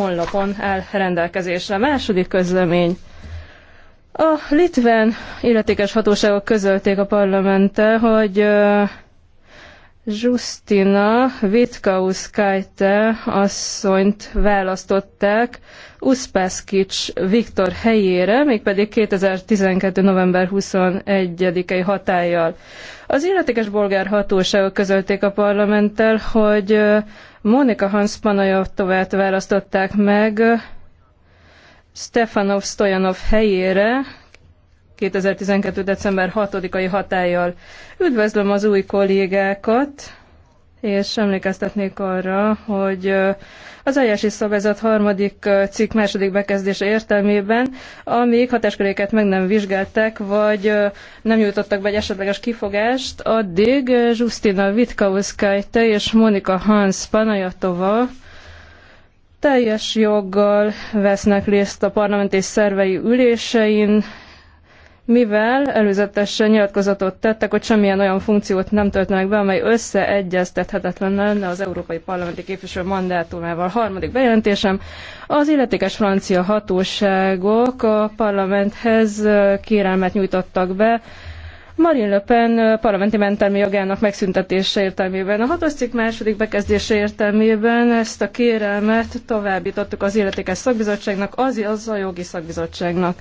honlapon áll rendelkezésre. Második közlemény. A litván illetékes hatóságok közölték a parlamente, hogy Justina Witkauskaite asszonyt választották Uspaszkics Viktor helyére, mégpedig 2012. november 21-i hatállyal. Az illetékes bolgár hatóságok közölték a parlamenttel, hogy Monika Hans Panajotovát választották meg Stefanov Stojanov helyére, 2012. december 6-ai hatállyal. Üdvözlöm az új kollégákat, és emlékeztetnék arra, hogy az eljárási szabályzat harmadik cikk második bekezdése értelmében, amíg hatásköréket meg nem vizsgálták, vagy nem jutottak be egy esetleges kifogást, addig Justina Vitkauszkájte és Monika Hans Panajatova teljes joggal vesznek részt a parlamenti szervei ülésein, mivel előzetesen nyilatkozatot tettek, hogy semmilyen olyan funkciót nem töltenek be, amely összeegyeztethetetlen lenne az Európai Parlamenti Képviselő mandátumával. Harmadik bejelentésem, az illetékes francia hatóságok a parlamenthez kérelmet nyújtottak be, Marine Le Pen parlamenti mentelmi jogának megszüntetése értelmében. A hatos cikk második bekezdése értelmében ezt a kérelmet továbbítottuk az illetékes szakbizottságnak, az, a jogi szakbizottságnak.